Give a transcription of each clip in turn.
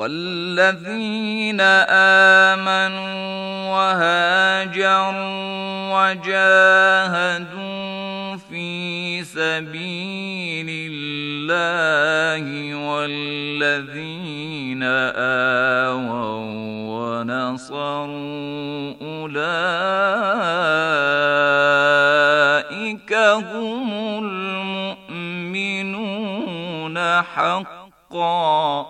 والذين امنوا وهاجروا وجاهدوا في سبيل الله والذين اووا ونصروا اولئك هم المؤمنون حقا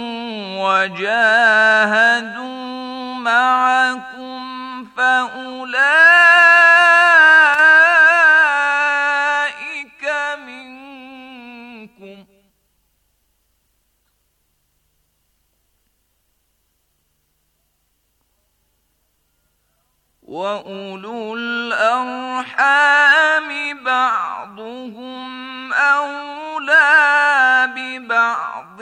وجاهدوا معكم فأولئك منكم وأولو الأرحام بعضهم أولى ببعض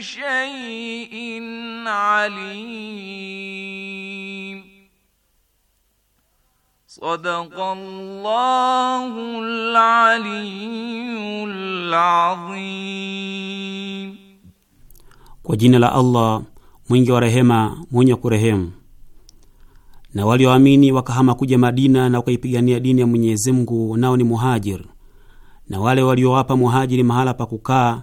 شيء عليم صدق الله العلي العظيم kwa jina la Allah mwingi wa rehema mwenye kurehemu. Na walioamini wa wakahama kuja Madina na wakaipigania dini ya Mwenyezi Mungu, nao ni muhajir, na wale waliowapa wa muhajiri mahala pa kukaa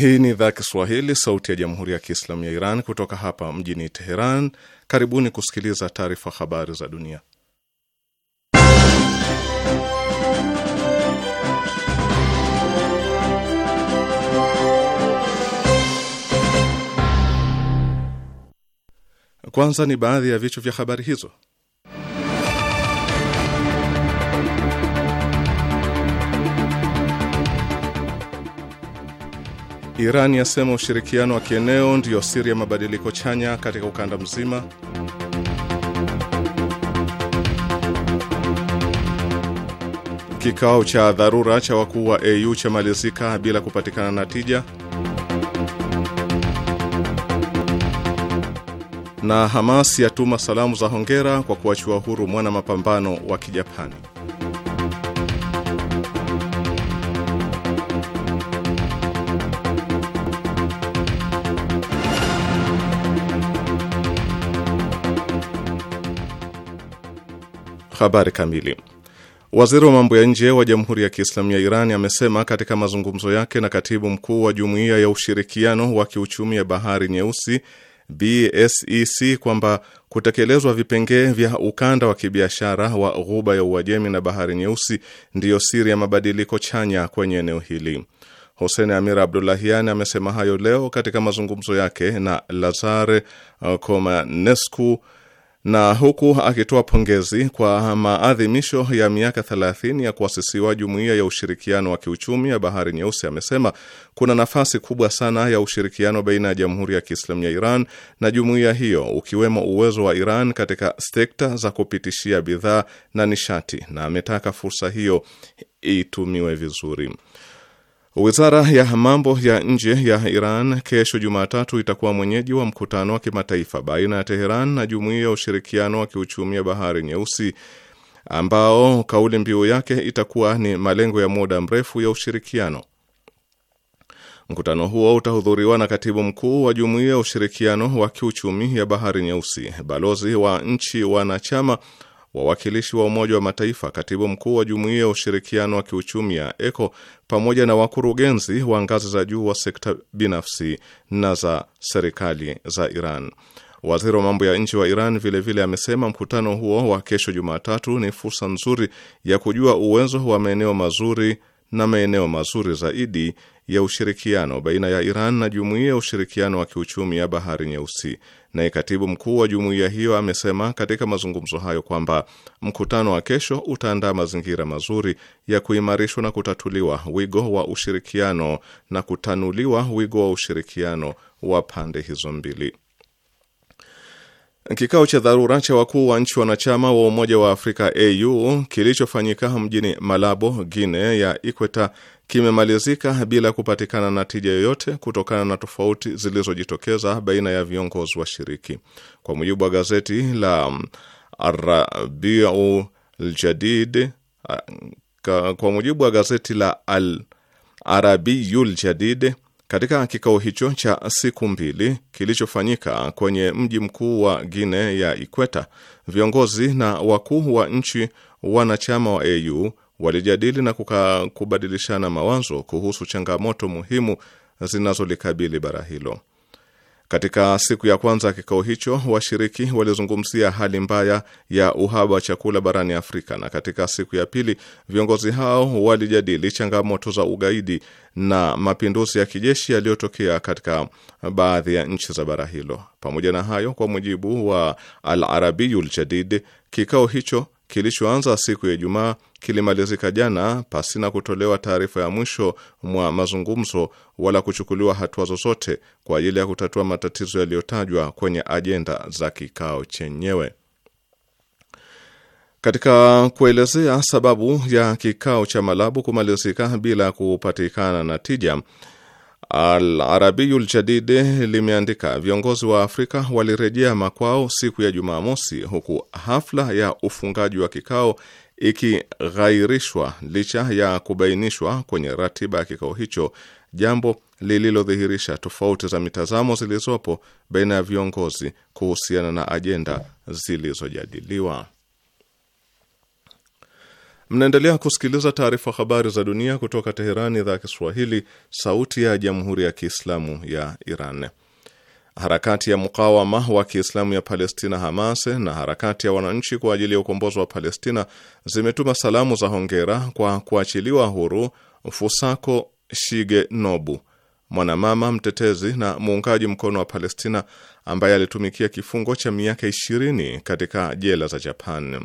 Hii ni idhaa Kiswahili sauti ya jamhuri ya kiislamu ya Iran kutoka hapa mjini Teheran. Karibuni kusikiliza taarifa habari za dunia, kwanza ni baadhi ya vichwa vya habari hizo. Iran yasema ushirikiano wa kieneo ndiyo siri ya mabadiliko chanya katika ukanda mzima. Kikao cha dharura cha wakuu wa AU chamalizika bila kupatikana na tija. Na Hamas yatuma salamu za hongera kwa kuachiwa huru mwana mapambano wa Kijapani. Habari kamili. Waziri wa mambo ya nje wa Jamhuri ya Kiislamu ya Iran amesema katika mazungumzo yake na katibu mkuu wa Jumuiya ya Ushirikiano wa Kiuchumi ya Bahari Nyeusi BSEC kwamba kutekelezwa vipengee vya ukanda wa kibiashara wa Ghuba ya Uajemi na Bahari Nyeusi ndiyo siri ya mabadiliko chanya kwenye eneo hili. Hussein Amir Abdulahian amesema hayo leo katika mazungumzo yake na Lazare Komanescu na huku akitoa pongezi kwa maadhimisho ya miaka 30 ya kuasisiwa Jumuiya ya Ushirikiano wa Kiuchumi ya Bahari Nyeusi, amesema kuna nafasi kubwa sana ya ushirikiano baina ya Jamhuri ya Kiislamu ya Iran na jumuiya hiyo, ukiwemo uwezo wa Iran katika sekta za kupitishia bidhaa na nishati, na ametaka fursa hiyo itumiwe vizuri. Wizara ya mambo ya nje ya Iran kesho Jumatatu itakuwa mwenyeji wa mkutano wa kimataifa baina ya Teheran na Jumuiya ya Ushirikiano wa Kiuchumi ya Bahari Nyeusi, ambao kauli mbiu yake itakuwa ni malengo ya muda mrefu ya ushirikiano. Mkutano huo utahudhuriwa na katibu mkuu wa Jumuiya ya Ushirikiano wa Kiuchumi ya Bahari Nyeusi, balozi wa nchi wanachama wawakilishi wa Umoja wa Mataifa, katibu mkuu wa Jumuiya ya Ushirikiano wa Kiuchumi ya ECO pamoja na wakurugenzi wa ngazi za juu wa sekta binafsi na za serikali za Iran. Waziri wa mambo ya nje wa Iran vilevile vile amesema mkutano huo wa kesho Jumatatu ni fursa nzuri ya kujua uwezo wa maeneo mazuri na maeneo mazuri zaidi ya ushirikiano baina ya Iran na Jumuiya ya Ushirikiano wa Kiuchumi ya Bahari Nyeusi Naye katibu mkuu wa jumuiya hiyo amesema katika mazungumzo hayo kwamba mkutano wa kesho utaandaa mazingira mazuri ya kuimarishwa na kutatuliwa wigo wa ushirikiano na kutanuliwa wigo wa ushirikiano wa pande hizo mbili. Kikao cha dharura cha wakuu wa nchi wanachama wa Umoja wa Afrika AU kilichofanyika mjini Malabo, guine ya Ikweta kimemalizika bila kupatikana na tija yoyote kutokana na tofauti zilizojitokeza baina ya viongozi washiriki. Kwa mujibu wa gazeti la Rabiu Ljadid, kwa mujibu wa gazeti la Al Arabiyul Jadid, katika kikao hicho cha siku mbili kilichofanyika kwenye mji mkuu wa guine ya Ikweta, viongozi na wakuu wa nchi wanachama wa AU walijadili na kubadilishana mawazo kuhusu changamoto muhimu zinazolikabili bara hilo. Katika siku ya kwanza ya kikao hicho, washiriki walizungumzia hali mbaya ya uhaba wa chakula barani Afrika, na katika siku ya pili viongozi hao walijadili changamoto za ugaidi na mapinduzi ya kijeshi yaliyotokea katika baadhi ya nchi za bara hilo. Pamoja na hayo, kwa mujibu wa Al Arabiyul Jadid, kikao hicho kilichoanza siku ya Ijumaa kilimalizika jana pasina kutolewa taarifa ya mwisho mwa mazungumzo wala kuchukuliwa hatua zozote kwa ajili ya kutatua matatizo yaliyotajwa kwenye ajenda za kikao chenyewe. Katika kuelezea sababu ya kikao cha Malabu kumalizika bila kupatikana na tija Al Arabiyu Ljadid limeandika viongozi wa Afrika walirejea makwao siku ya Jumamosi, huku hafla ya ufungaji wa kikao ikighairishwa licha ya kubainishwa kwenye ratiba ya kikao hicho jambo lililodhihirisha tofauti za mitazamo zilizopo baina ya viongozi kuhusiana na ajenda zilizojadiliwa. Mnaendelea kusikiliza taarifa habari za dunia kutoka Teherani, idhaa ya Kiswahili, sauti ya jamhuri ya kiislamu ya Iran. Harakati ya mukawama wa kiislamu ya Palestina, Hamas, na harakati ya wananchi kwa ajili ya ukombozi wa Palestina zimetuma salamu za hongera kwa kuachiliwa huru Fusako shige nobu mwanamama mtetezi na muungaji mkono wa Palestina ambaye alitumikia kifungo cha miaka 20 katika jela za Japan.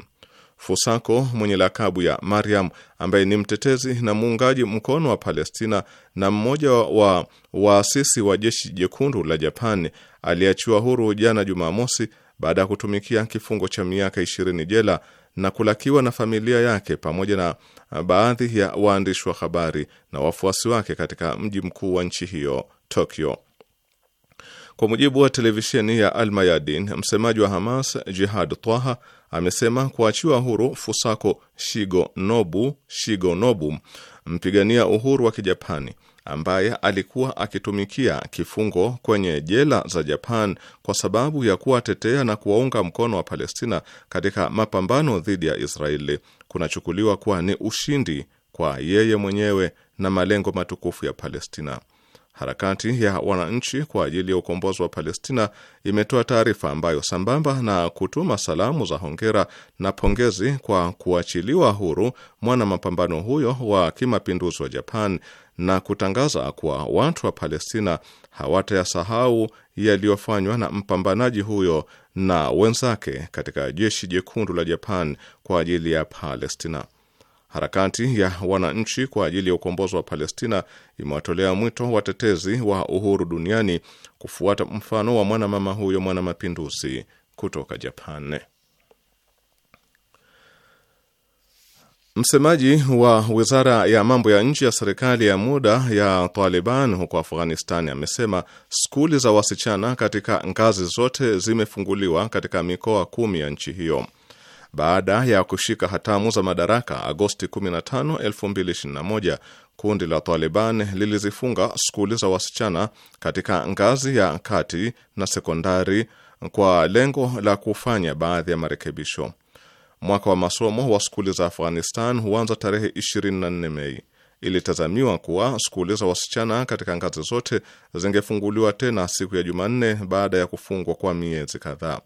Fusako mwenye lakabu ya Mariam, ambaye ni mtetezi na muungaji mkono wa Palestina na mmoja wa waasisi wa jeshi jekundu la Japan, aliachiwa huru jana Jumamosi baada ya kutumikia kifungo cha miaka ishirini jela na kulakiwa na familia yake pamoja na baadhi ya waandishi wa habari na wafuasi wake katika mji mkuu wa nchi hiyo Tokyo. Kwa mujibu wa televisheni ya Al Mayadin, msemaji wa Hamas Jihad Twaha amesema kuachiwa huru Fusako Shigo Shigonobu, mpigania uhuru wa Kijapani ambaye alikuwa akitumikia kifungo kwenye jela za Japan kwa sababu ya kuwatetea na kuwaunga mkono wa Palestina katika mapambano dhidi ya Israeli kunachukuliwa kuwa ni ushindi kwa yeye mwenyewe na malengo matukufu ya Palestina. Harakati ya wananchi kwa ajili ya ukombozi wa Palestina imetoa taarifa ambayo sambamba na kutuma salamu za hongera na pongezi kwa kuachiliwa huru mwana mapambano huyo wa kimapinduzi wa Japan na kutangaza kuwa watu wa Palestina hawatayasahau yaliyofanywa na mpambanaji huyo na wenzake katika jeshi jekundu la Japan kwa ajili ya Palestina. Harakati ya wananchi kwa ajili ya ukombozi wa Palestina imewatolea mwito watetezi wa uhuru duniani kufuata mfano wa mwanamama huyo mwanamapinduzi kutoka Japan. Msemaji wa wizara ya mambo ya nje ya serikali ya muda ya Taliban huko Afghanistan amesema skuli za wasichana katika ngazi zote zimefunguliwa katika mikoa kumi ya nchi hiyo baada ya kushika hatamu za madaraka Agosti 15, 2021, kundi la Taliban lilizifunga skuli za wasichana katika ngazi ya kati na sekondari kwa lengo la kufanya baadhi ya marekebisho. Mwaka wa masomo wa skuli za Afghanistan huanza tarehe 24 Mei. Ilitazamiwa kuwa skuli za wasichana katika ngazi zote zingefunguliwa tena siku ya Jumanne baada ya kufungwa kwa miezi kadhaa.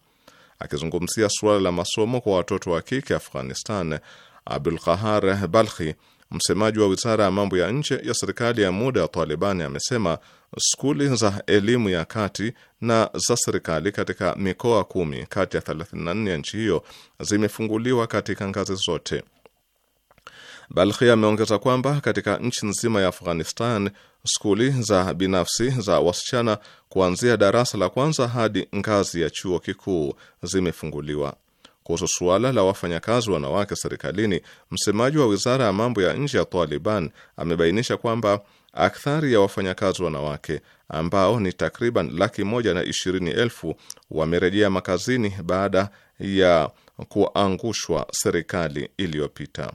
Akizungumzia suala la masomo kwa watoto wa kike Afghanistan, Abdul Qahar Balkhi, msemaji wa wizara ya mambo ya nje ya serikali ya muda ya Talibani, amesema skuli za elimu ya kati na za serikali katika mikoa kumi kati ya 34 ya nchi hiyo zimefunguliwa katika ngazi zote. Balkhi ameongeza kwamba katika nchi nzima ya Afghanistan skuli za binafsi za wasichana kuanzia darasa la kwanza hadi ngazi ya chuo kikuu zimefunguliwa. Kuhusu suala la wafanyakazi wanawake serikalini, msemaji wa wizara ya mambo ya nje ya Taliban amebainisha kwamba akthari ya wafanyakazi wanawake ambao ni takriban laki moja na ishirini elfu wamerejea makazini baada ya kuangushwa serikali iliyopita.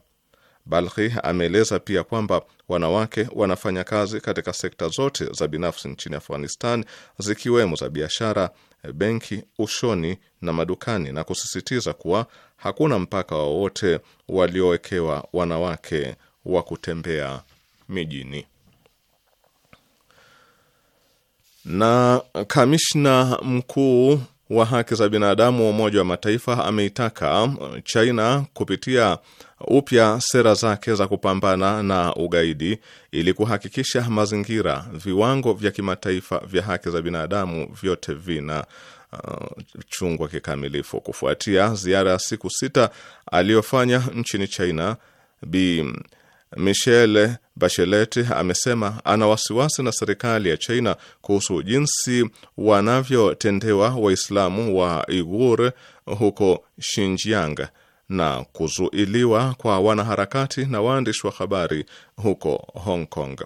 Balkhi ameeleza pia kwamba wanawake wanafanya kazi katika sekta zote za binafsi nchini Afghanistan, zikiwemo za biashara, benki, ushoni na madukani, na kusisitiza kuwa hakuna mpaka wowote waliowekewa wanawake wa kutembea mijini. Na kamishna mkuu wa haki za binadamu wa Umoja wa Mataifa ameitaka uh, China kupitia upya sera zake za kupambana na ugaidi ili kuhakikisha mazingira, viwango vya kimataifa vya haki za binadamu vyote vina Uh, chungwa kikamilifu. Kufuatia ziara ya siku sita aliyofanya nchini China, Bi Michelle Bachelet amesema ana wasiwasi na serikali ya China kuhusu jinsi wanavyotendewa Waislamu wa Uighur huko Xinjiang na kuzuiliwa kwa wanaharakati na waandishi wa habari huko Hong Kong.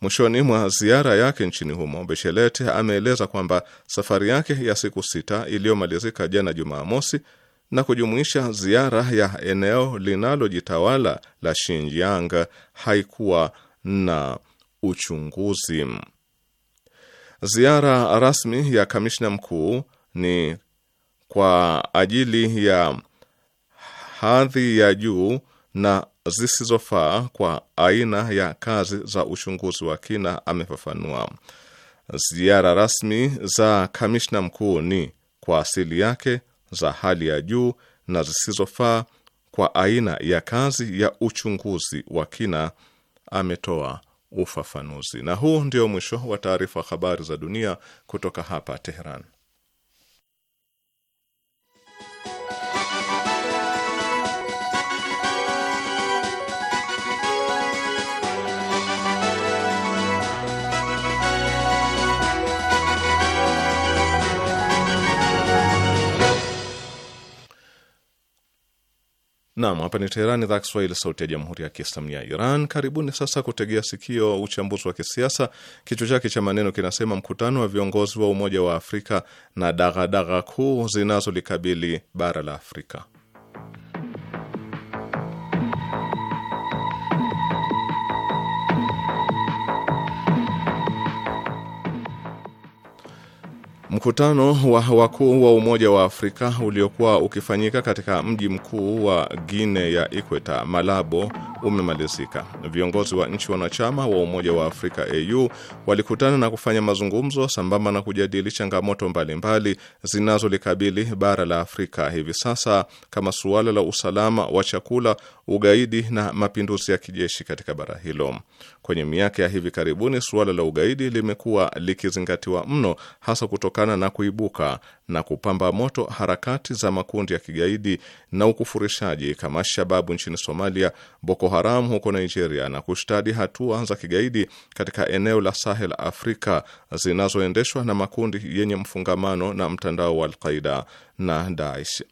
Mwishoni mwa ziara yake nchini humo, Bachelet ameeleza kwamba safari yake ya siku sita iliyomalizika jana Jumamosi na kujumuisha ziara ya eneo linalojitawala la Xinjiang haikuwa na uchunguzi. Ziara rasmi ya kamishna mkuu ni kwa ajili ya hadhi ya juu na zisizofaa kwa aina ya kazi za uchunguzi wa kina, amefafanua. Ziara rasmi za kamishna mkuu ni kwa asili yake za hali ya juu na zisizofaa kwa aina ya kazi ya uchunguzi wa kina, ametoa ufafanuzi. Na huu ndio mwisho wa taarifa habari za dunia kutoka hapa Teheran. Nam, hapa ni Teherani, idhaa Kiswahili, sauti ya jamhuri ya kiislamu ya Iran. Karibuni sasa kutegea sikio uchambuzi wa kisiasa, kichwa chake cha maneno kinasema: mkutano wa viongozi wa Umoja wa Afrika na dagadaga kuu zinazolikabili bara la Afrika. Mkutano wa wakuu wa Umoja wa Afrika uliokuwa ukifanyika katika mji mkuu wa Guinea ya Ikweta, Malabo, umemalizika. Viongozi wa nchi wanachama wa Umoja wa Afrika AU walikutana na kufanya mazungumzo sambamba na kujadili changamoto mbalimbali zinazolikabili bara la Afrika hivi sasa kama suala la usalama wa chakula, ugaidi na mapinduzi ya kijeshi katika bara hilo. Kwenye miaka ya hivi karibuni, suala la ugaidi limekuwa likizingatiwa mno, hasa kutokana na kuibuka na kupamba moto harakati za makundi ya kigaidi na ukufurishaji kama Shababu nchini Somalia, Boko Haram huko Nigeria, na kushtadi hatua za kigaidi katika eneo la Sahel Afrika zinazoendeshwa na makundi yenye mfungamano na mtandao wa Alqaida na Daesh.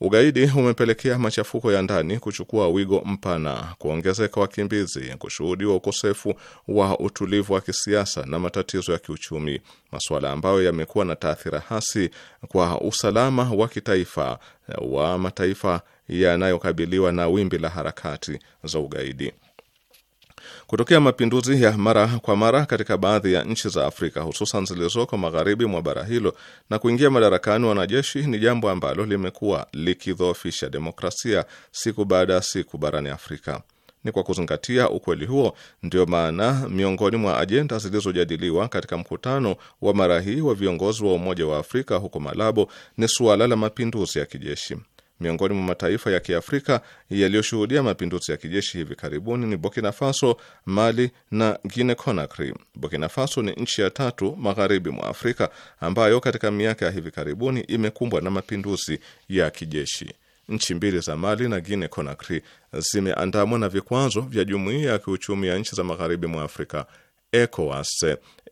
Ugaidi umepelekea machafuko ya ndani kuchukua wigo mpana, kuongezeka wakimbizi, kushuhudiwa ukosefu wa utulivu wa kisiasa na matatizo ya kiuchumi, masuala ambayo yamekuwa na taathira hasi kwa usalama wa kitaifa wa mataifa yanayokabiliwa na wimbi la harakati za ugaidi. Kutokea mapinduzi ya mara kwa mara katika baadhi ya nchi za Afrika hususan zilizoko magharibi mwa bara hilo na kuingia madarakani wanajeshi ni jambo ambalo limekuwa likidhoofisha demokrasia siku baada ya siku barani Afrika. Ni kwa kuzingatia ukweli huo ndio maana miongoni mwa ajenda zilizojadiliwa katika mkutano wa mara hii wa viongozi wa Umoja wa Afrika huko Malabo ni suala la mapinduzi ya kijeshi. Miongoni mwa mataifa ya Kiafrika yaliyoshuhudia mapinduzi ya kijeshi hivi karibuni ni Burkina Faso, Mali na Guine Conakry. Burkina Faso ni nchi ya tatu magharibi mwa Afrika ambayo katika miaka ya hivi karibuni imekumbwa na mapinduzi ya kijeshi. Nchi mbili za Mali na Guine Conakry zimeandamwa na vikwazo vya Jumuiya ya Kiuchumi ya Nchi za Magharibi mwa Afrika, ECOWAS,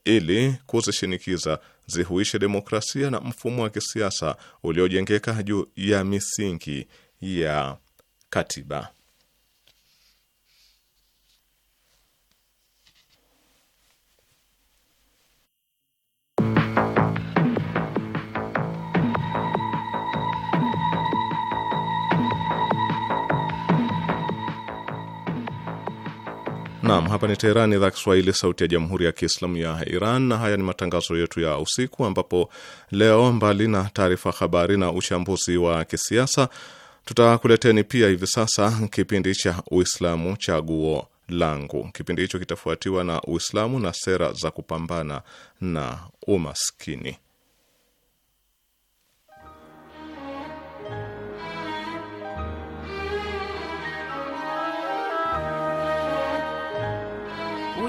ili kuzishinikiza zihuishe demokrasia na mfumo wa kisiasa uliojengeka juu ya misingi ya katiba. Hapa ni Teherani, idhaa Kiswahili, sauti ya jamhuri ya kiislamu ya Iran, na haya ni matangazo yetu ya usiku, ambapo leo mbali na taarifa habari na uchambuzi wa kisiasa, tutakuleteni pia hivi sasa kipindi cha Uislamu Chaguo Langu. Kipindi hicho kitafuatiwa na Uislamu na sera za kupambana na umaskini.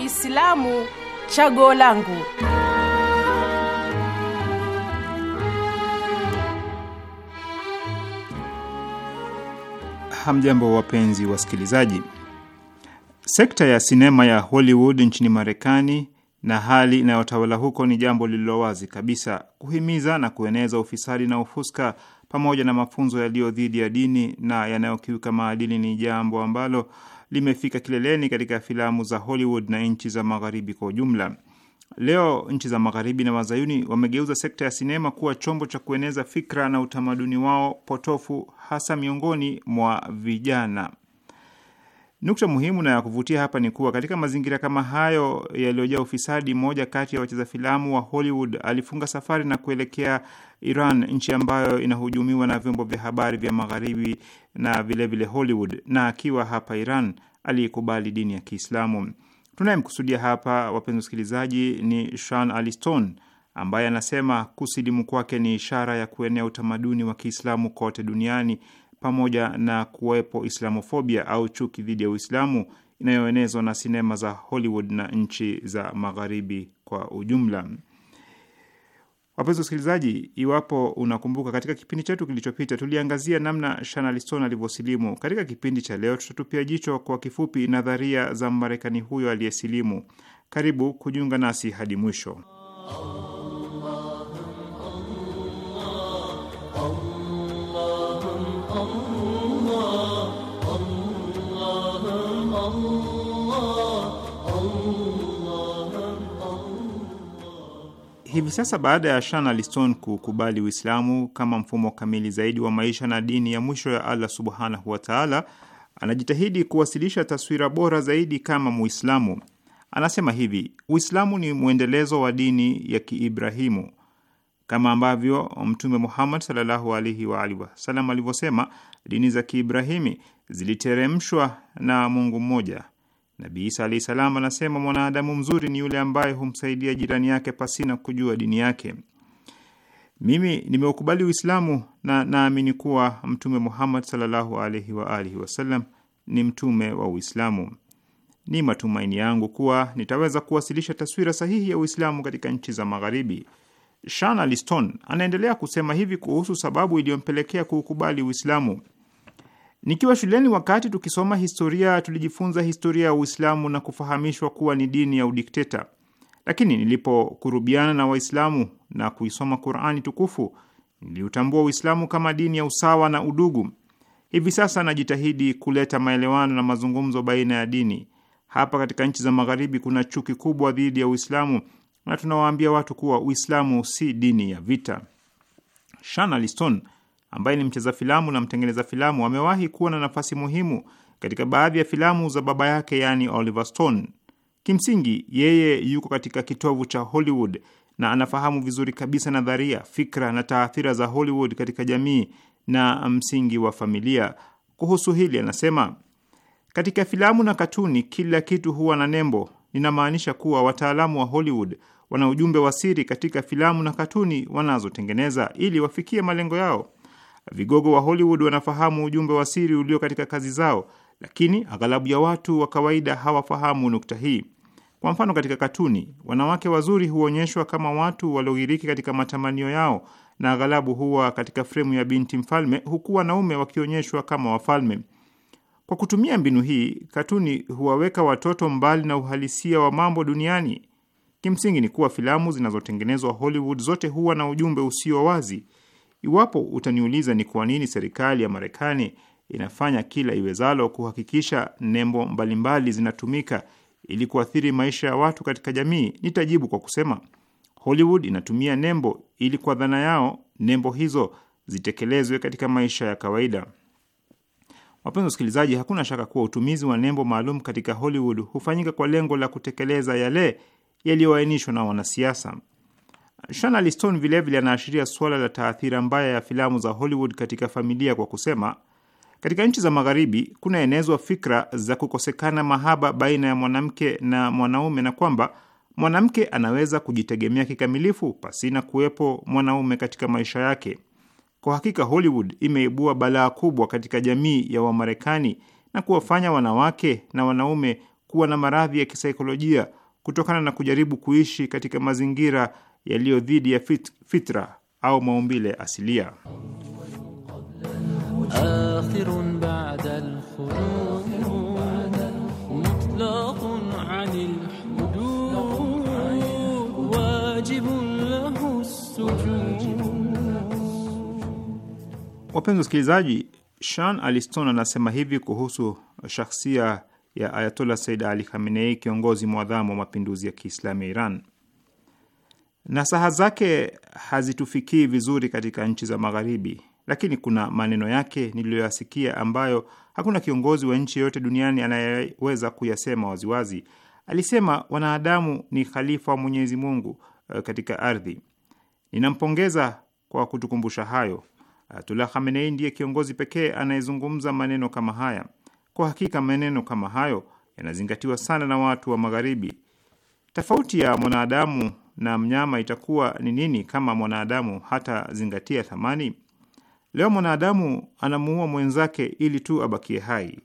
Uislamu chaguo langu. Hamjambo wapenzi wasikilizaji. Sekta ya sinema ya Hollywood nchini Marekani na hali inayotawala huko ni jambo lililo wazi kabisa. Kuhimiza na kueneza ufisadi na ufuska pamoja na mafunzo yaliyo dhidi ya dini na yanayokiuka maadili ni jambo ambalo limefika kileleni katika filamu za Hollywood na nchi za magharibi kwa ujumla. Leo nchi za magharibi na wazayuni wamegeuza sekta ya sinema kuwa chombo cha kueneza fikra na utamaduni wao potofu hasa miongoni mwa vijana. Nukta muhimu na ya kuvutia hapa ni kuwa katika mazingira kama hayo yaliyojaa ufisadi, mmoja kati ya wacheza filamu wa Hollywood alifunga safari na kuelekea Iran, nchi ambayo inahujumiwa na vyombo vya habari vya Magharibi na vilevile vile Hollywood, na akiwa hapa Iran aliyekubali dini ya Kiislamu. Tunayemkusudia hapa, wapenzi wasikilizaji, ni Sean Aliston ambaye anasema kusilimu kwake ni ishara ya kuenea utamaduni wa Kiislamu kote duniani pamoja na kuwepo islamofobia au chuki dhidi ya Uislamu inayoenezwa na sinema za Hollywood na nchi za Magharibi kwa ujumla. Wapenzi wasikilizaji, iwapo unakumbuka, katika kipindi chetu kilichopita tuliangazia namna Shana alivyosilimu. Katika kipindi cha leo, tutatupia jicho kwa kifupi nadharia za marekani huyo aliyesilimu. Karibu kujiunga nasi hadi mwisho. Hivi sasa baada ya Shana Liston kukubali Uislamu kama mfumo kamili zaidi wa maisha na dini ya mwisho ya Allah subhanahu wataala, anajitahidi kuwasilisha taswira bora zaidi kama Muislamu. Anasema hivi: Uislamu ni mwendelezo wa dini ya Kiibrahimu, kama ambavyo Mtume Muhammad sallallahu alaihi wa alihi wasallam alivyosema, dini za Kiibrahimi ziliteremshwa na Mungu mmoja. Nabi Isa alahi salam anasema mwanadamu mzuri ni yule ambaye humsaidia jirani yake pasina kujua dini yake. Mimi nimeukubali Uislamu na naamini kuwa Mtume Muhammad sallallahu alaihi wa alihi wasallam ni mtume wa Uislamu. Ni matumaini yangu kuwa nitaweza kuwasilisha taswira sahihi ya Uislamu katika nchi za Magharibi. Shana Liston anaendelea kusema hivi kuhusu sababu iliyompelekea kuukubali Uislamu: Nikiwa shuleni, wakati tukisoma historia, tulijifunza historia ya Uislamu na kufahamishwa kuwa ni dini ya udikteta, lakini nilipokurubiana na Waislamu na kuisoma Qurani tukufu niliutambua Uislamu kama dini ya usawa na udugu. Hivi sasa najitahidi kuleta maelewano na mazungumzo baina ya dini. Hapa katika nchi za Magharibi kuna chuki kubwa dhidi ya Uislamu na tunawaambia watu kuwa Uislamu si dini ya vita. Shana Liston ambaye ni mcheza filamu na mtengeneza filamu, amewahi kuwa na nafasi muhimu katika baadhi ya filamu za baba yake, yaani Oliver Stone. Kimsingi yeye yuko katika kitovu cha Hollywood na anafahamu vizuri kabisa nadharia, fikra na taathira za Hollywood katika jamii na msingi wa familia. Kuhusu hili anasema, katika filamu na katuni kila kitu huwa na nembo. Ninamaanisha kuwa wataalamu wa Hollywood wana ujumbe wa siri katika filamu na katuni wanazotengeneza ili wafikie malengo yao. Vigogo wa Hollywood wanafahamu ujumbe wa siri ulio katika kazi zao, lakini aghalabu ya watu wa kawaida hawafahamu nukta hii. Kwa mfano, katika katuni wanawake wazuri huonyeshwa kama watu walioghiriki katika matamanio yao, na aghalabu huwa katika fremu ya binti mfalme, huku wanaume wakionyeshwa kama wafalme. Kwa kutumia mbinu hii, katuni huwaweka watoto mbali na uhalisia wa mambo duniani. Kimsingi ni kuwa filamu zinazotengenezwa Hollywood zote huwa na ujumbe usio wazi Iwapo utaniuliza ni kwa nini serikali ya Marekani inafanya kila iwezalo kuhakikisha nembo mbalimbali zinatumika ili kuathiri maisha ya watu katika jamii, nitajibu kwa kusema Hollywood inatumia nembo ili kwa dhana yao nembo hizo zitekelezwe katika maisha ya kawaida. Wapenzi wasikilizaji, hakuna shaka kuwa utumizi wa nembo maalum katika Hollywood hufanyika kwa lengo la kutekeleza yale yaliyoainishwa na wanasiasa. Shana Liston vilevile anaashiria suala la taathira mbaya ya filamu za Hollywood katika familia kwa kusema, katika nchi za Magharibi kunaenezwa fikra za kukosekana mahaba baina ya mwanamke na mwanaume na kwamba mwanamke anaweza kujitegemea kikamilifu pasina kuwepo mwanaume katika maisha yake. Kwa hakika Hollywood imeibua balaa kubwa katika jamii ya Wamarekani na kuwafanya wanawake na wanaume kuwa na maradhi ya kisaikolojia kutokana na kujaribu kuishi katika mazingira yaliyo dhidi ya fit, fitra au maumbile asilia. Wapenzi wasikilizaji, Shan Aliston anasema hivi kuhusu shakhsia ya Ayatollah Said Ali Khamenei, kiongozi mwadhamu wa mapinduzi ya Kiislamu ya Iran: Nasaha zake hazitufikii vizuri katika nchi za Magharibi, lakini kuna maneno yake niliyoyasikia ambayo hakuna kiongozi wa nchi yoyote duniani anayeweza kuyasema waziwazi. Alisema wanadamu ni khalifa wa Mwenyezi Mungu eh, katika ardhi. Ninampongeza kwa kutukumbusha hayo. Ayatullah Khamenei ndiye kiongozi pekee anayezungumza maneno kama haya. Kwa hakika maneno kama hayo yanazingatiwa sana na watu wa Magharibi. Tofauti ya mwanadamu na mnyama itakuwa ni nini kama mwanadamu hatazingatia thamani? Leo mwanadamu anamuua mwenzake ili tu abakie hai.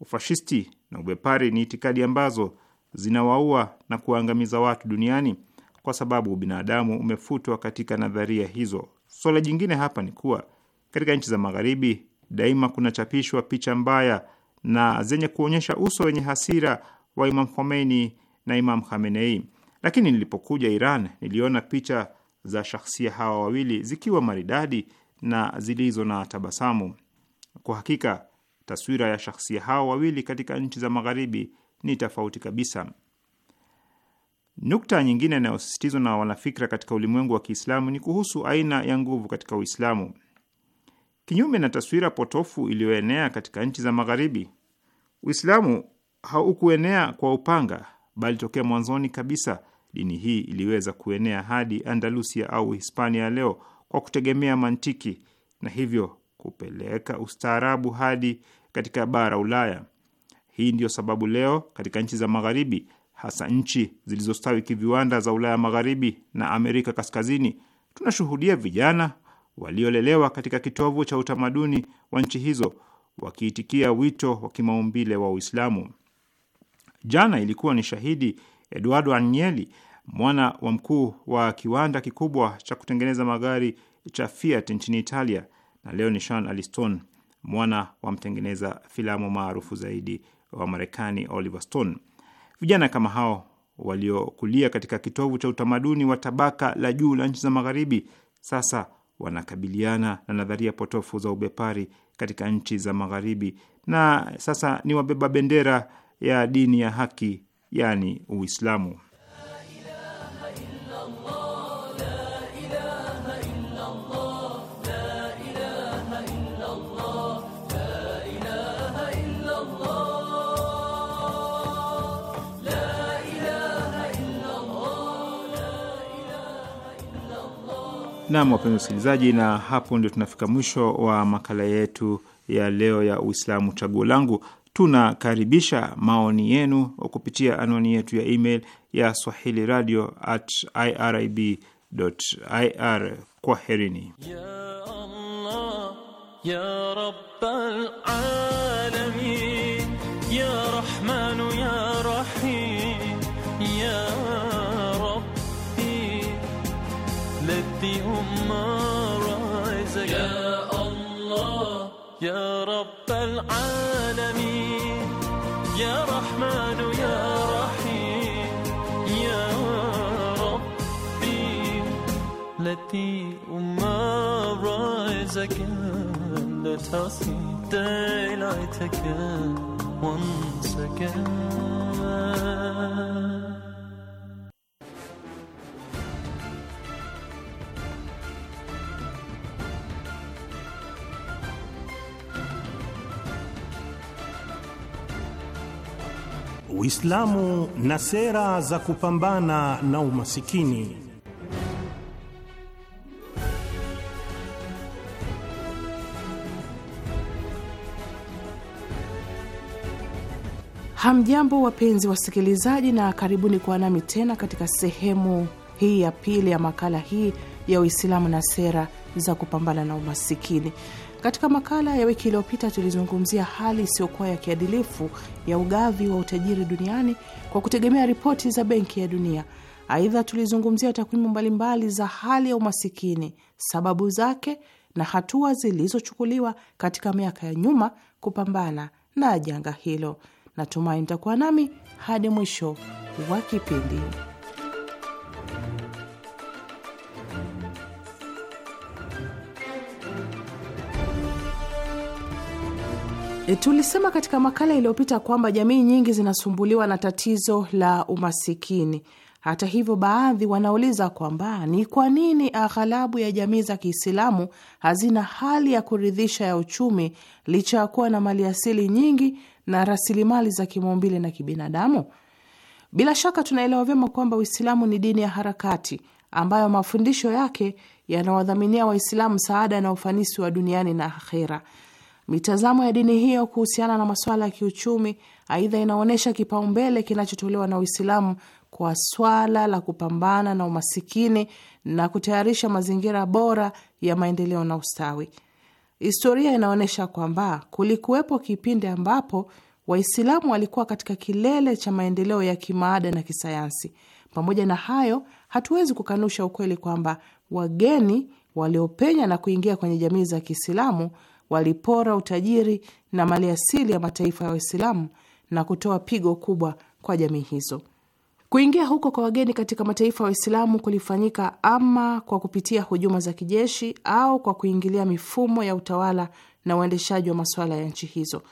Ufashisti na ubepari ni itikadi ambazo zinawaua na kuwaangamiza watu duniani kwa sababu binadamu umefutwa katika nadharia hizo. Swala jingine hapa ni kuwa katika nchi za Magharibi daima kunachapishwa picha mbaya na zenye kuonyesha uso wenye hasira wa Imam Khomeini na Imam Khamenei. Lakini nilipokuja Iran niliona picha za shahsia hawa wawili zikiwa maridadi na zilizo na tabasamu. Kwa hakika taswira ya shahsia hawa wawili katika nchi za Magharibi ni tofauti kabisa. Nukta nyingine inayosisitizwa na wanafikra katika ulimwengu wa Kiislamu ni kuhusu aina ya nguvu katika Uislamu. Kinyume na taswira potofu iliyoenea katika nchi za Magharibi, Uislamu haukuenea kwa upanga, bali tokea mwanzoni kabisa Dini hii iliweza kuenea hadi Andalusia au Hispania leo kwa kutegemea mantiki na hivyo kupeleka ustaarabu hadi katika bara Ulaya. Hii ndiyo sababu leo katika nchi za Magharibi, hasa nchi zilizostawi kiviwanda za Ulaya Magharibi na Amerika Kaskazini, tunashuhudia vijana waliolelewa katika kitovu cha utamaduni wa nchi hizo wakiitikia wito wa kimaumbile wa Uislamu. Jana ilikuwa ni shahidi Eduardo Agnelli, mwana wa mkuu wa kiwanda kikubwa cha kutengeneza magari cha Fiat nchini Italia, na leo ni Sean Alston, mwana wa mtengeneza filamu maarufu zaidi wa Marekani Oliver Stone. Vijana kama hao waliokulia katika kitovu cha utamaduni wa tabaka la juu la nchi za Magharibi sasa wanakabiliana na nadharia potofu za ubepari katika nchi za Magharibi, na sasa ni wabeba bendera ya dini ya haki yani Uislamu. Nam, wapenzi wasikilizaji, na hapo ndio tunafika mwisho wa makala yetu ya leo ya Uislamu Chaguo Langu. Tunakaribisha maoni yenu kupitia anwani yetu ya email ya swahili radio at irib ir. Kwaherini ya Allah, ya العالمين يا رحمن يا رحيم يا ربي التي أما رأيزك لتعصي دلعتك وانسكن Uislamu na sera za kupambana na umasikini. Hamjambo, wapenzi wasikilizaji, na karibuni kwa nami tena katika sehemu hii ya pili ya makala hii ya Uislamu na sera za kupambana na umasikini. Katika makala ya wiki iliyopita tulizungumzia hali isiyokuwa ya kiadilifu ya ugavi wa utajiri duniani kwa kutegemea ripoti za Benki ya Dunia. Aidha, tulizungumzia takwimu mbalimbali za hali ya umasikini, sababu zake na hatua zilizochukuliwa katika miaka ya nyuma kupambana na janga hilo. Natumai nitakuwa nami hadi mwisho wa kipindi. E, tulisema katika makala iliyopita kwamba jamii nyingi zinasumbuliwa na tatizo la umasikini. Hata hivyo, baadhi wanauliza kwamba ni kwa nini aghalabu ya jamii za Kiislamu hazina hali ya kuridhisha ya uchumi licha ya kuwa na maliasili nyingi na rasilimali za kimaumbile na kibinadamu. Bila shaka tunaelewa vyema kwamba Uislamu ni dini ya harakati ambayo mafundisho yake yanawadhaminia Waislamu saada na ufanisi wa duniani na akhera. Mitazamo ya dini hiyo kuhusiana na masuala ya kiuchumi, aidha, inaonyesha kipaumbele kinachotolewa na Uislamu kwa swala la kupambana na umasikini na kutayarisha mazingira bora ya maendeleo na ustawi. Historia inaonyesha kwamba kulikuwepo kipindi ambapo Waislamu walikuwa katika kilele cha maendeleo ya kimaada na kisayansi. Pamoja na hayo, hatuwezi kukanusha ukweli kwamba wageni waliopenya na kuingia kwenye jamii za Kiislamu walipora utajiri na maliasili ya mataifa ya Waislamu na kutoa pigo kubwa kwa jamii hizo. Kuingia huko kwa wageni katika mataifa ya Waislamu kulifanyika ama kwa kupitia hujuma za kijeshi au kwa kuingilia mifumo ya utawala na uendeshaji wa masuala ya nchi hizo.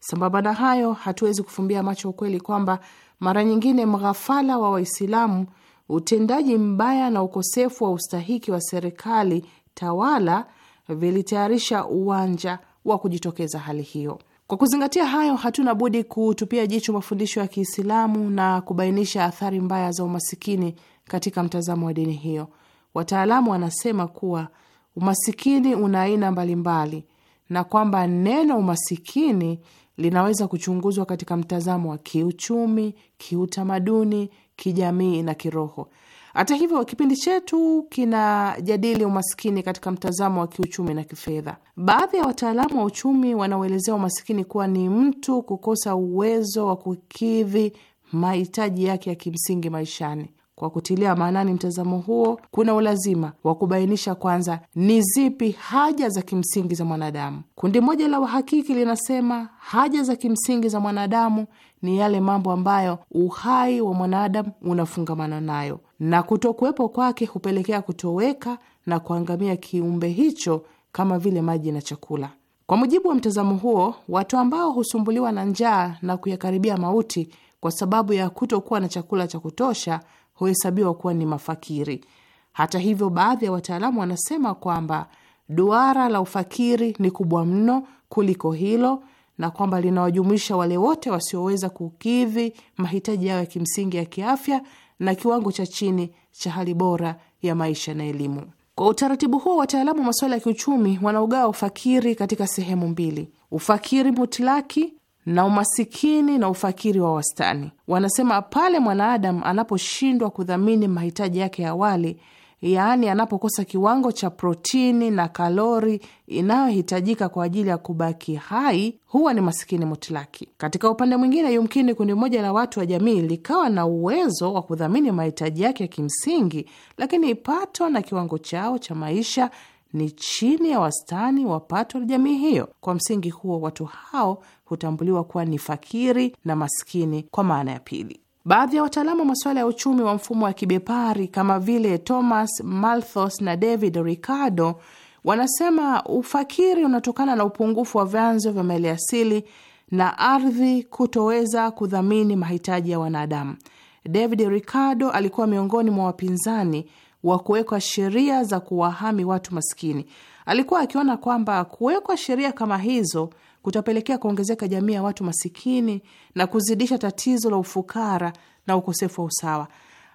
Sambamba na hayo, hatuwezi kufumbia macho ukweli kwamba mara nyingine mghafala wa Waislamu, utendaji mbaya na ukosefu wa ustahiki wa serikali tawala vilitayarisha uwanja wa kujitokeza hali hiyo. Kwa kuzingatia hayo, hatuna budi kutupia jicho mafundisho ya Kiislamu na kubainisha athari mbaya za umasikini katika mtazamo wa dini hiyo. Wataalamu wanasema kuwa umasikini una aina mbalimbali na kwamba neno umasikini linaweza kuchunguzwa katika mtazamo wa kiuchumi, kiutamaduni, kijamii na kiroho. Hata hivyo, kipindi chetu kinajadili umaskini katika mtazamo wa kiuchumi na kifedha. Baadhi ya wataalamu wa uchumi wanaoelezea umaskini kuwa ni mtu kukosa uwezo wa kukidhi mahitaji yake ya kimsingi maishani. Kwa kutilia maanani mtazamo huo, kuna ulazima wa kubainisha kwanza ni zipi haja za kimsingi za mwanadamu. Kundi moja la uhakiki linasema haja za kimsingi za mwanadamu ni yale mambo ambayo uhai wa mwanadamu unafungamana nayo na kutokuwepo kwake hupelekea kutoweka na kuangamia kiumbe hicho kama vile maji na chakula. Kwa mujibu wa mtazamo huo, watu ambao husumbuliwa na njaa na kuyakaribia mauti kwa sababu ya kutokuwa na chakula cha kutosha huhesabiwa kuwa ni mafakiri. Hata hivyo, baadhi ya wataalamu wanasema kwamba duara la ufakiri ni kubwa mno kuliko hilo na kwamba linawajumuisha wale wote wasioweza kukidhi mahitaji yao ya kimsingi ya kiafya na kiwango cha chini cha hali bora ya maisha na elimu. Kwa utaratibu huo, wataalamu wa masuala ya kiuchumi wanaogawa ufakiri katika sehemu mbili: ufakiri mutlaki na umasikini na ufakiri wa wastani. Wanasema pale mwanaadamu anaposhindwa kudhamini mahitaji yake ya awali yaani anapokosa kiwango cha protini na kalori inayohitajika kwa ajili ya kubaki hai, huwa ni masikini mutlaki. Katika upande mwingine, yumkini kundi moja la watu wa jamii likawa na uwezo wa kudhamini mahitaji yake ya kimsingi, lakini pato na kiwango chao cha maisha ni chini ya wastani wa pato la jamii hiyo. Kwa msingi huo, watu hao hutambuliwa kuwa ni fakiri na maskini kwa maana ya pili. Baadhi ya wataalamu wa masuala ya uchumi wa mfumo wa kibepari kama vile Thomas Malthus na David Ricardo wanasema ufakiri unatokana na upungufu wa vyanzo vya maliasili na ardhi kutoweza kudhamini mahitaji ya wanadamu. David Ricardo alikuwa miongoni mwa wapinzani wa kuwekwa sheria za kuwahami watu maskini. Alikuwa akiona kwamba kuwekwa sheria kama hizo kutapelekea kuongezeka jamii ya watu masikini na kuzidisha tatizo la ufukara na ukosefu wa usawa.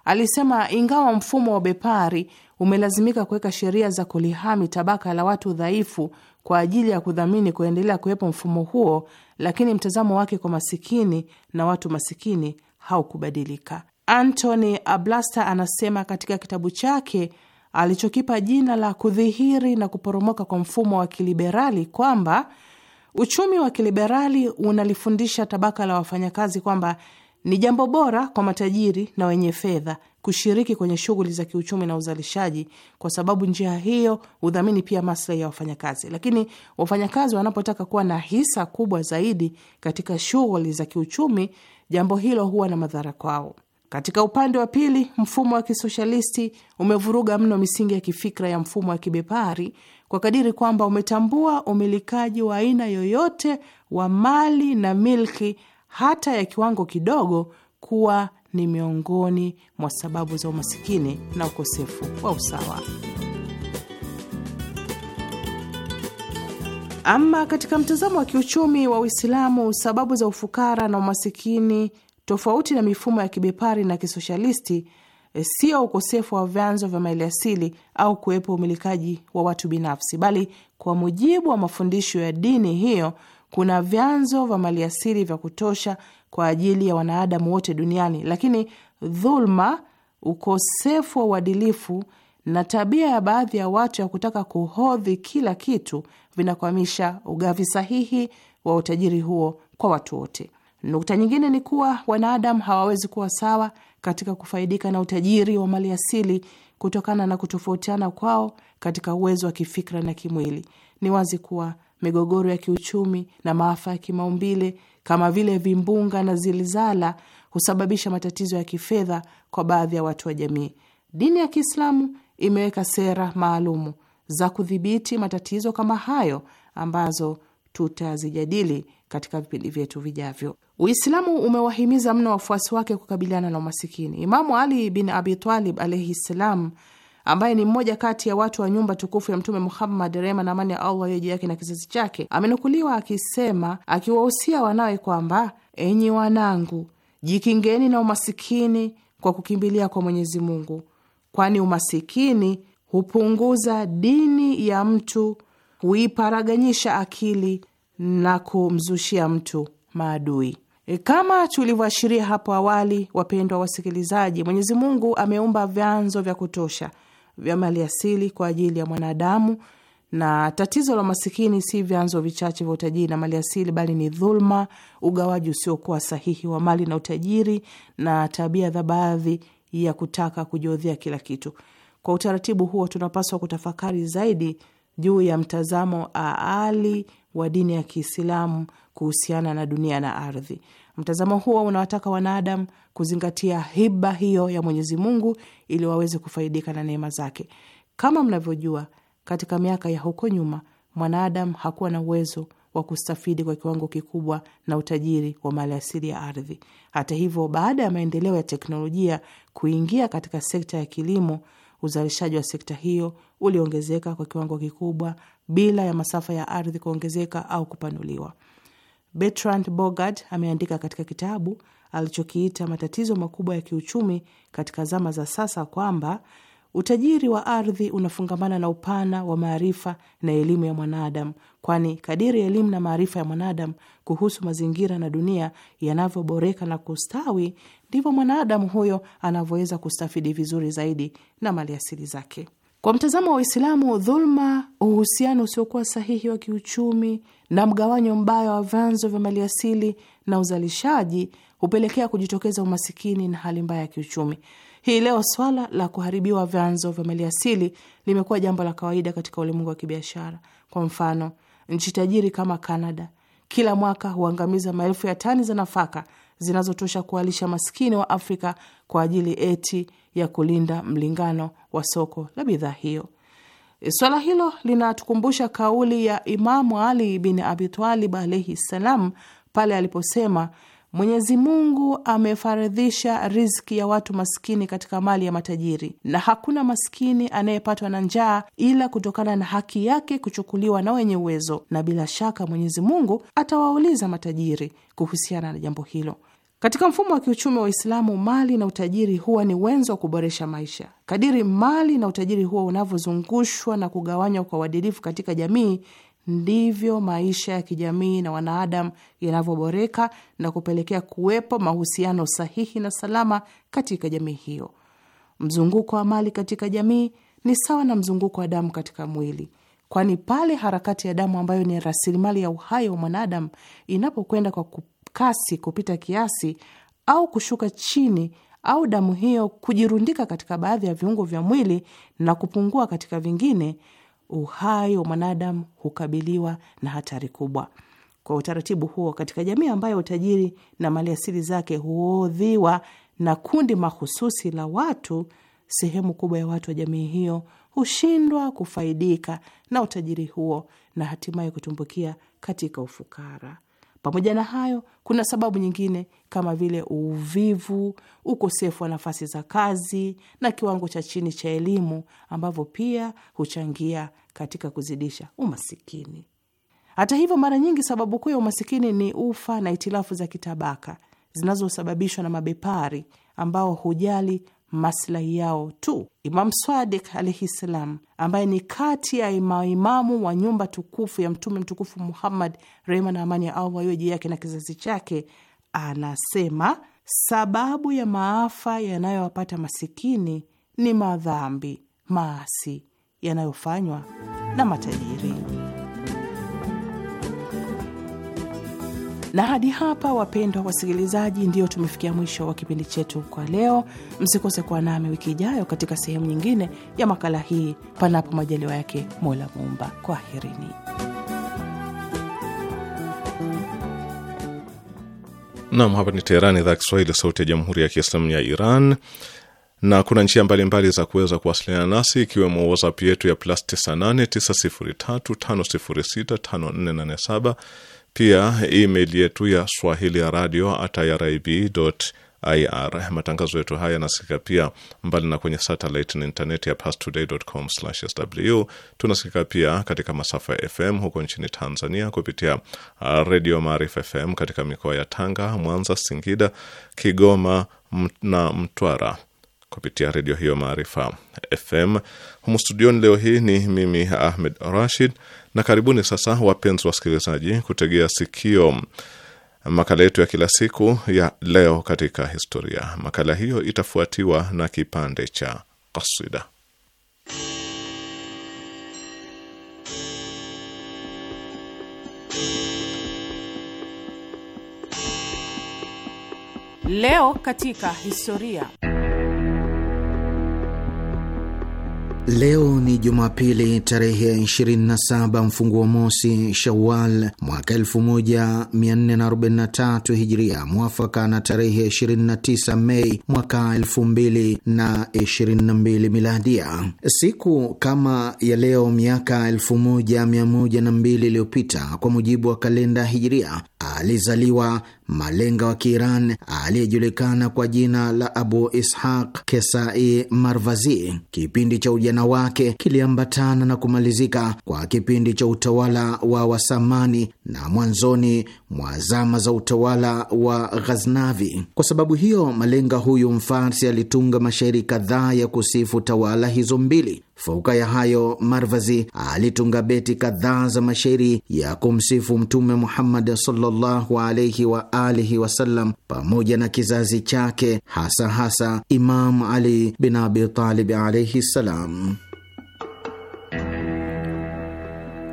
Alisema ingawa mfumo wa bepari umelazimika kuweka sheria za kulihami tabaka la watu dhaifu kwa ajili ya kudhamini kuendelea kuwepo mfumo huo, lakini mtazamo wake kwa masikini na watu masikini haukubadilika. Anthony Ablasta anasema katika kitabu chake alichokipa jina la kudhihiri na kuporomoka kwa mfumo wa kiliberali kwamba Uchumi wa kiliberali unalifundisha tabaka la wafanyakazi kwamba ni jambo bora kwa matajiri na wenye fedha kushiriki kwenye shughuli za kiuchumi na uzalishaji, kwa sababu njia hiyo hudhamini pia maslahi ya wafanyakazi. Lakini wafanyakazi wanapotaka kuwa na hisa kubwa zaidi katika shughuli za kiuchumi, jambo hilo huwa na madhara kwao. Katika upande wa pili, mfumo wa kisoshalisti umevuruga mno misingi ya kifikra ya mfumo wa kibepari kwa kadiri kwamba umetambua umilikaji wa aina yoyote wa mali na milki hata ya kiwango kidogo kuwa ni miongoni mwa sababu za umasikini na ukosefu wa usawa. Ama katika mtazamo wa kiuchumi wa Uislamu, sababu za ufukara na umasikini, tofauti na mifumo ya kibepari na kisoshalisti, E, sio ukosefu wa vyanzo vya maliasili au kuwepo umilikaji wa watu binafsi, bali kwa mujibu wa mafundisho ya dini hiyo kuna vyanzo vya maliasili vya kutosha kwa ajili ya wanadamu wote duniani, lakini dhulma, ukosefu wa uadilifu na tabia ya baadhi ya watu ya kutaka kuhodhi kila kitu vinakwamisha ugavi sahihi wa utajiri huo kwa watu wote. Nukta nyingine ni kuwa wanadamu hawawezi kuwa sawa katika kufaidika na utajiri wa mali asili kutokana na kutofautiana kwao katika uwezo wa kifikra na kimwili. Ni wazi kuwa migogoro ya kiuchumi na maafa ya kimaumbile kama vile vimbunga na zilizala husababisha matatizo ya kifedha kwa baadhi ya watu wa jamii. Dini ya Kiislamu imeweka sera maalumu za kudhibiti matatizo kama hayo ambazo tutazijadili katika vipindi vyetu vijavyo. Uislamu umewahimiza mno wafuasi wake kukabiliana na umasikini. Imamu Ali bin Abi Talib alaihi ssalam, ambaye ni mmoja kati ya watu wa nyumba tukufu ya Mtume Muhammad, rehma na amani ya Allah iwe juu yake na kizazi chake, amenukuliwa akisema, akiwahusia wanawe kwamba, enyi wanangu, jikingeni na umasikini kwa kukimbilia kwa Mwenyezi Mungu, kwani umasikini hupunguza dini ya mtu, huiparaganyisha akili na kumzushia mtu maadui. E, kama tulivyoashiria hapo awali, wapendwa wasikilizaji, Mwenyezi Mungu ameumba vyanzo vya kutosha vya maliasili kwa ajili ya mwanadamu, na tatizo la masikini si vyanzo vichache vya utajiri na maliasili, bali ni dhulma, ugawaji usiokuwa sahihi wa mali na utajiri, na tabia za baadhi ya kutaka kujiodhea kila kitu. Kwa utaratibu huo, tunapaswa kutafakari zaidi juu ya mtazamo aali wa dini ya Kiislamu kuhusiana na dunia na ardhi. Mtazamo huo unawataka wanadamu kuzingatia hiba hiyo ya Mwenyezi Mungu ili waweze kufaidika na neema zake. Kama mnavyojua, katika miaka ya huko nyuma mwanadamu hakuwa na uwezo wa kustafidi kwa kiwango kikubwa na utajiri wa maliasili ya ardhi. Hata hivyo, baada ya maendeleo ya teknolojia kuingia katika sekta ya kilimo uzalishaji wa sekta hiyo uliongezeka kwa kiwango kikubwa bila ya masafa ya ardhi kuongezeka au kupanuliwa. Bertrand Bogard ameandika katika kitabu alichokiita matatizo makubwa ya kiuchumi katika zama za sasa kwamba utajiri wa ardhi unafungamana na upana wa maarifa na elimu ya mwanadamu, kwani kadiri elimu na maarifa ya mwanadamu kuhusu mazingira na dunia yanavyoboreka na kustawi, ndivyo mwanadamu huyo anavyoweza kustafidi vizuri zaidi na maliasili zake. Kwa mtazamo wa Waislamu, dhuluma, uhusiano usiokuwa sahihi wa kiuchumi na mgawanyo mbaya wa vyanzo vya maliasili na uzalishaji hupelekea kujitokeza umasikini na hali mbaya ya kiuchumi. Hii leo swala la kuharibiwa vyanzo vya maliasili limekuwa jambo la kawaida katika ulimwengu wa kibiashara. Kwa mfano, nchi tajiri kama Kanada kila mwaka huangamiza maelfu ya tani za nafaka zinazotosha kuwalisha maskini wa Afrika kwa ajili eti ya kulinda mlingano wa soko la bidhaa hiyo. E, swala hilo linatukumbusha kauli ya Imamu Ali bin Abitalib alaihi ssalam pale aliposema, Mwenyezi Mungu amefaridhisha riziki ya watu maskini katika mali ya matajiri, na hakuna maskini anayepatwa na njaa ila kutokana na haki yake kuchukuliwa na wenye uwezo, na bila shaka Mwenyezi Mungu atawauliza matajiri kuhusiana na jambo hilo. Katika mfumo wa kiuchumi wa Uislamu, mali na utajiri huwa ni wenzo wa kuboresha maisha. Kadiri mali na utajiri huo unavyozungushwa na kugawanywa kwa uadilifu katika jamii, ndivyo maisha ya kijamii na wanadamu yanavyoboreka na kupelekea kuwepo mahusiano sahihi na salama katika jamii hiyo. Mzunguko wa mali katika jamii ni sawa na mzunguko wa damu katika mwili, kwani pale harakati ya damu ambayo ni rasilimali ya uhai wa mwanadamu inapokwenda kwa kasi kupita kiasi au kushuka chini au damu hiyo kujirundika katika baadhi ya viungo vya mwili na kupungua katika vingine, uhai wa mwanadamu hukabiliwa na hatari kubwa. Kwa utaratibu huo, katika jamii ambayo utajiri na maliasili zake huodhiwa na kundi mahususi la watu, sehemu kubwa ya watu wa jamii hiyo hushindwa kufaidika na utajiri huo na hatimaye kutumbukia katika ufukara. Pamoja na hayo, kuna sababu nyingine kama vile uvivu, ukosefu wa nafasi za kazi na kiwango cha chini cha elimu ambavyo pia huchangia katika kuzidisha umasikini. Hata hivyo, mara nyingi sababu kuu ya umasikini ni ufa na itilafu za kitabaka zinazosababishwa na mabepari ambao hujali maslahi yao tu. imam Swadik alaihi ssalam, ambaye ni kati ya maimamu wa nyumba tukufu ya Mtume mtukufu Muhammad, rehma na amani ya Allah iwe juu yake na kizazi chake, anasema sababu ya maafa yanayowapata masikini ni madhambi maasi yanayofanywa na matajiri. Na hadi hapa, wapendwa wasikilizaji, ndio tumefikia mwisho wa kipindi chetu kwa leo. Msikose kuwa nami wiki ijayo katika sehemu nyingine ya makala hii, panapo majaliwa yake Mola Muumba. Kwaherini. Nam, hapa ni Teherani, idhaa Kiswahili, sauti ya jamhuri ya kiislamu ya Iran na kuna njia mbalimbali za kuweza kuwasiliana nasi ikiwemo WhatsApp yetu ya plus 989035065487 pia email yetu ya swahili ya radio at irib.ir. Matangazo yetu haya yanasikika pia mbali na kwenye satellite na intaneti ya pastoday.com/sw. Tunasikika pia katika masafa ya FM huko nchini Tanzania kupitia uh, redio Maarifa FM katika mikoa ya Tanga, Mwanza, Singida, Kigoma na Mtwara kupitia redio hiyo Maarifa FM. Humu studioni leo hii ni mimi Ahmed Rashid na karibuni sasa, wapenzi wasikilizaji, kutegea sikio makala yetu ya kila siku ya leo katika historia. Makala hiyo itafuatiwa na kipande cha kasida. Leo katika historia. Leo ni Jumapili tarehe ya 27 mfunguo mosi Shawal mwaka 1443 Hijria, mwafaka na tarehe 29 Mei mwaka 2022 Miladia. Siku kama ya leo miaka 1102 iliyopita, kwa mujibu wa kalenda Hijria, alizaliwa malenga wa Kiiran aliyejulikana kwa jina la Abu Ishaq Kesai Marvazi. Kipindi cha ujana wake kiliambatana na kumalizika kwa kipindi cha utawala wa Wasamani na mwanzoni mwa zama za utawala wa Ghaznavi. Kwa sababu hiyo, malenga huyu Mfarsi alitunga mashairi kadhaa ya kusifu tawala hizo mbili. Fauka ya hayo, Marvazi alitunga beti kadhaa za mashairi ya kumsifu Mtume Muhammad sallallahu alaihi wa alihi wasallam pamoja na kizazi chake, hasa hasa imam Ali bin Abi Talib alaihi ssalam.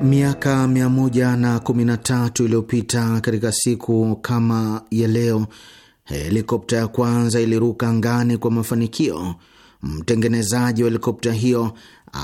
Miaka 113 iliyopita katika siku kama ya leo, helikopta ya kwanza iliruka angani kwa mafanikio. Mtengenezaji wa helikopta hiyo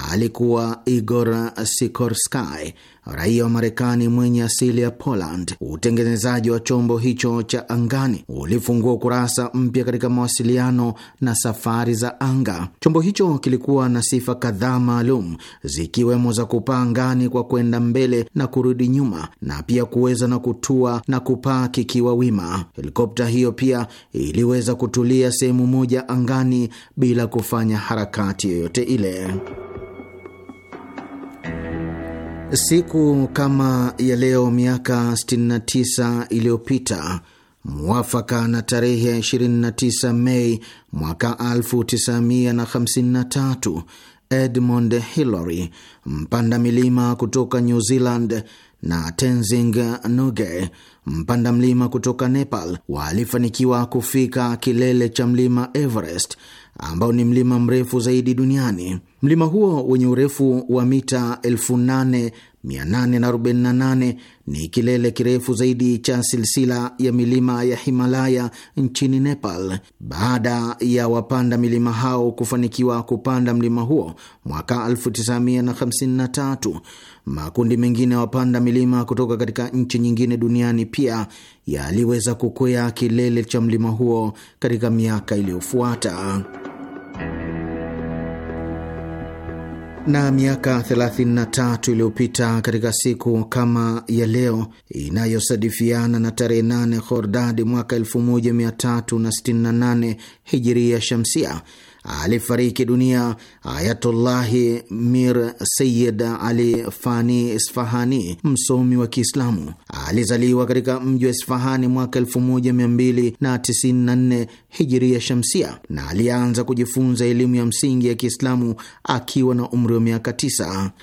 alikuwa Igor Sikorsky raia wa Marekani mwenye asili ya Poland. Utengenezaji wa chombo hicho cha angani ulifungua ukurasa mpya katika mawasiliano na safari za anga. Chombo hicho kilikuwa na sifa kadhaa maalum, zikiwemo za kupaa angani kwa kwenda mbele na kurudi nyuma, na pia kuweza na kutua na kupaa kikiwa wima. Helikopta hiyo pia iliweza kutulia sehemu moja angani bila kufanya harakati yoyote ile. Siku kama ya leo miaka 69 iliyopita mwafaka na tarehe ya 29 Mei mwaka 1953, Edmund Hillary, mpanda milima kutoka New Zealand, na Tenzing Nuge mpanda mlima kutoka Nepal, walifanikiwa kufika kilele cha mlima Everest ambao ni mlima mrefu zaidi duniani. Mlima huo wenye urefu wa mita 8848 ni kilele kirefu zaidi cha silsila ya milima ya Himalaya nchini Nepal. Baada ya wapanda milima hao kufanikiwa kupanda mlima huo mwaka 1953, makundi mengine ya wapanda milima kutoka katika nchi nyingine duniani pia yaliweza kukwea kilele cha mlima huo katika miaka iliyofuata. Na miaka 33 iliyopita katika siku kama ya leo inayosadifiana na tarehe 8 Khordadi mwaka 1368 hijiria shamsia alifariki dunia Ayatullahi Mir Sayid Ali Fani Isfahani, msomi wa Kiislamu. Alizaliwa katika mji wa Isfahani mwaka 1294 Hijiria Shamsia, na alianza kujifunza elimu ya msingi ya Kiislamu akiwa na umri wa miaka tis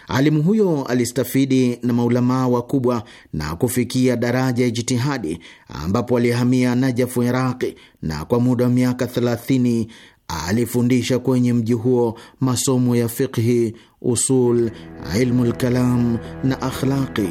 Alimu huyo alistafidi na maulamaa wakubwa na kufikia daraja ya jitihadi, ambapo alihamia Najafu, Iraqi, na kwa muda wa miaka alifundisha kwenye mji huo masomo ya fiqhi, usul, ilmu lkalam na akhlaqi.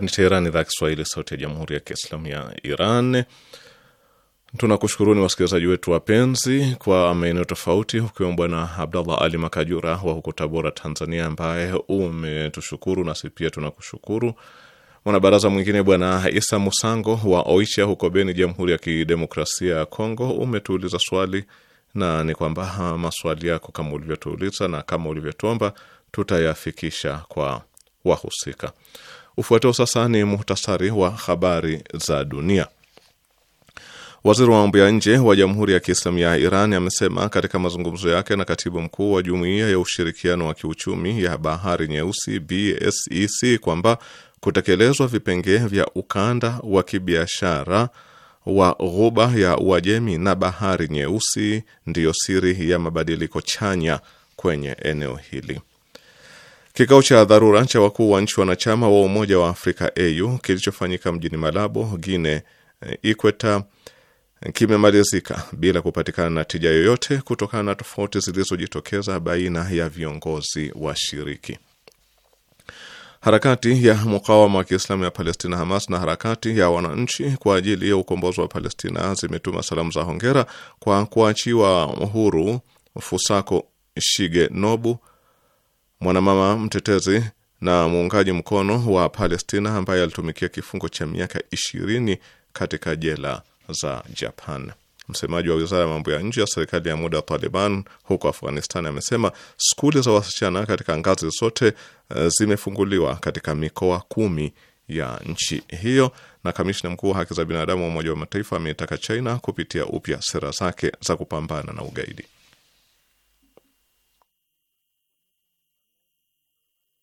Hapa ni Teheran, idhaa Kiswahili, sauti ya jamhuri ya kiislamu ya Iran. Tunakushukuruni wasikilizaji wetu wapenzi kwa maeneo tofauti, ukiwemo Bwana Abdallah Ali Makajura wa huko Tabora, Tanzania, ambaye umetushukuru, nasi pia tunakushukuru. Mwanabaraza mwingine Bwana Isa Musango wa Oicha huko Beni, Jamhuri ya Kidemokrasia ya Kongo, umetuuliza swali na ni kwamba maswali yako kama ulivyotuuliza na kama ulivyotuomba tutayafikisha kwa wahusika. Ufuatao sasa ni muhtasari wa habari za dunia. Waziri wa mambo ya nje wa Jamhuri ya Kiislamu ya Iran amesema katika mazungumzo yake na katibu mkuu wa Jumuiya ya Ushirikiano wa Kiuchumi ya Bahari Nyeusi BSEC kwamba kutekelezwa vipengee vya ukanda wa kibiashara wa Ghuba ya Uajemi na Bahari Nyeusi ndiyo siri ya mabadiliko chanya kwenye eneo hili. Kikao cha dharura cha wakuu wa nchi wanachama wa Umoja wa Afrika AU kilichofanyika mjini Malabo, guine eh, Ikweta kimemalizika bila kupatikana na tija yoyote kutokana na tofauti zilizojitokeza baina ya viongozi washiriki. Harakati ya mukawama wa Kiislamu ya Palestina Hamas na harakati ya wananchi kwa ajili ya ukombozi wa Palestina zimetuma salamu za hongera kwa kuachiwa huru Fusako Shige Nobu mwanamama mtetezi na muungaji mkono wa Palestina ambaye alitumikia kifungo cha miaka ishirini katika jela za Japan. Msemaji wa wizara ya mambo ya nje ya serikali ya muda wa Taliban huko Afghanistan amesema skuli za wasichana katika ngazi zote eh, zimefunguliwa katika mikoa kumi ya nchi hiyo. Na kamishna mkuu wa haki za binadamu wa Umoja wa Mataifa ameitaka China kupitia upya sera zake za kupambana na ugaidi.